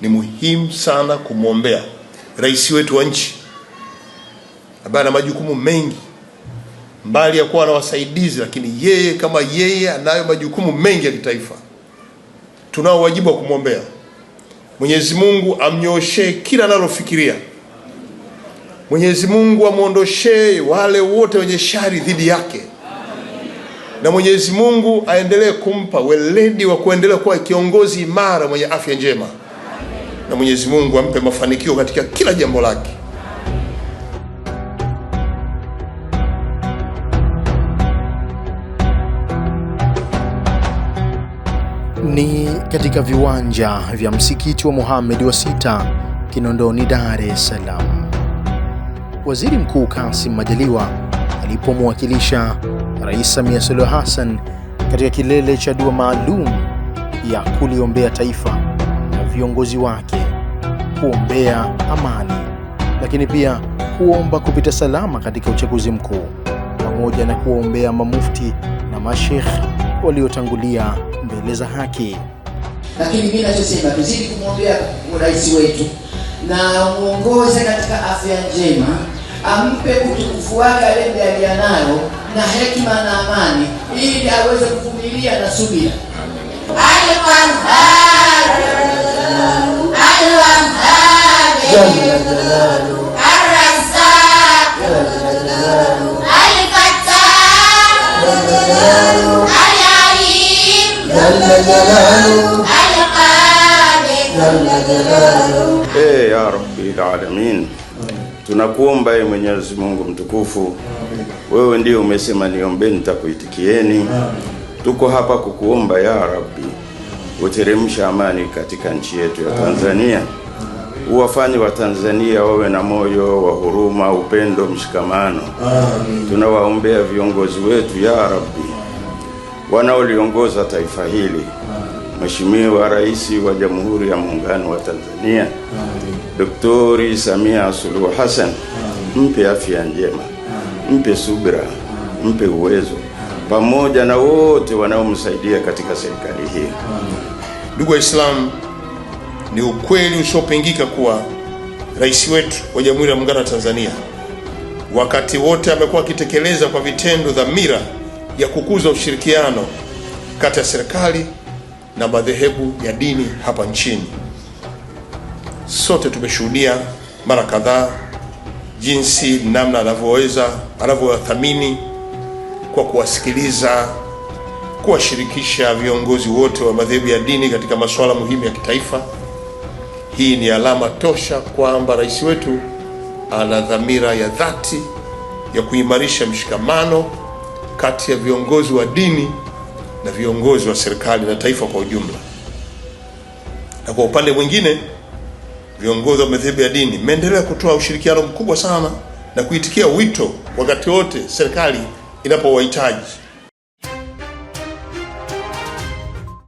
ni muhimu sana kumwombea rais wetu wa nchi ambaye ana majukumu mengi, mbali ya kuwa na wasaidizi, lakini yeye kama yeye anayo majukumu mengi ya kitaifa. Tunao wajibu wa kumwombea Mwenyezi Mungu, amnyoshee kila analofikiria. Mwenyezi Mungu amwondoshee wale wote wenye shari dhidi yake na Mwenyezi Mungu aendelee kumpa weledi wa kuendelea kuwa kiongozi imara mwenye afya njema na Mwenyezi Mungu ampe mafanikio katika kila jambo lake. Ni katika viwanja vya msikiti wa Mohamed wa Sita, Kinondoni, Dar es Salaam. Waziri Mkuu Kassim Majaliwa alipomwakilisha Rais Samia Suluhu Hassan katika kilele cha dua maalum ya kuliombea taifa viongozi wake kuombea amani, lakini pia kuomba kupita salama katika uchaguzi mkuu pamoja na kuwaombea mamufti na mashekh waliotangulia mbele za haki. Lakini mimi nachosema tuzidi kumwombea rais wetu na muongoze katika afya njema, ampe utukufu wake aliyemjalia nayo na hekima na amani, ili aweze kuvumilia na subira. ya Rabbil Alamin, tunakuomba e Mwenyezi Mungu mtukufu, wewe ndio umesema niombeni nitakuitikieni. Tuko hapa kukuomba ya Rabbi, uteremsha amani katika nchi yetu ya Tanzania, uwafanye Watanzania wawe na moyo wa huruma, upendo, mshikamano. Tunawaombea viongozi wetu ya Rabbi wanaoliongoza taifa hili, Mheshimiwa Rais wa Jamhuri ya Muungano wa Tanzania Daktari Samia Suluhu Hassan, mpe afya njema, mpe subira, mpe uwezo, pamoja na wote wanaomsaidia katika serikali hii. Ndugu Waislamu, ni ukweli usiopingika kuwa rais wetu wa Jamhuri ya Muungano wa Tanzania wakati wote amekuwa akitekeleza kwa vitendo dhamira ya kukuza ushirikiano kati ya serikali na madhehebu ya dini hapa nchini. Sote tumeshuhudia mara kadhaa jinsi namna anavyoweza anavyowathamini kwa kuwasikiliza, kuwashirikisha viongozi wote wa madhehebu ya dini katika masuala muhimu ya kitaifa. Hii ni alama tosha kwamba rais wetu ana dhamira ya dhati ya kuimarisha mshikamano kati ya viongozi wa dini na viongozi wa serikali na taifa kwa ujumla. Na kwa upande mwingine, viongozi wa madhehebu ya dini mmeendelea kutoa ushirikiano mkubwa sana na kuitikia wito wakati wote serikali inapowahitaji.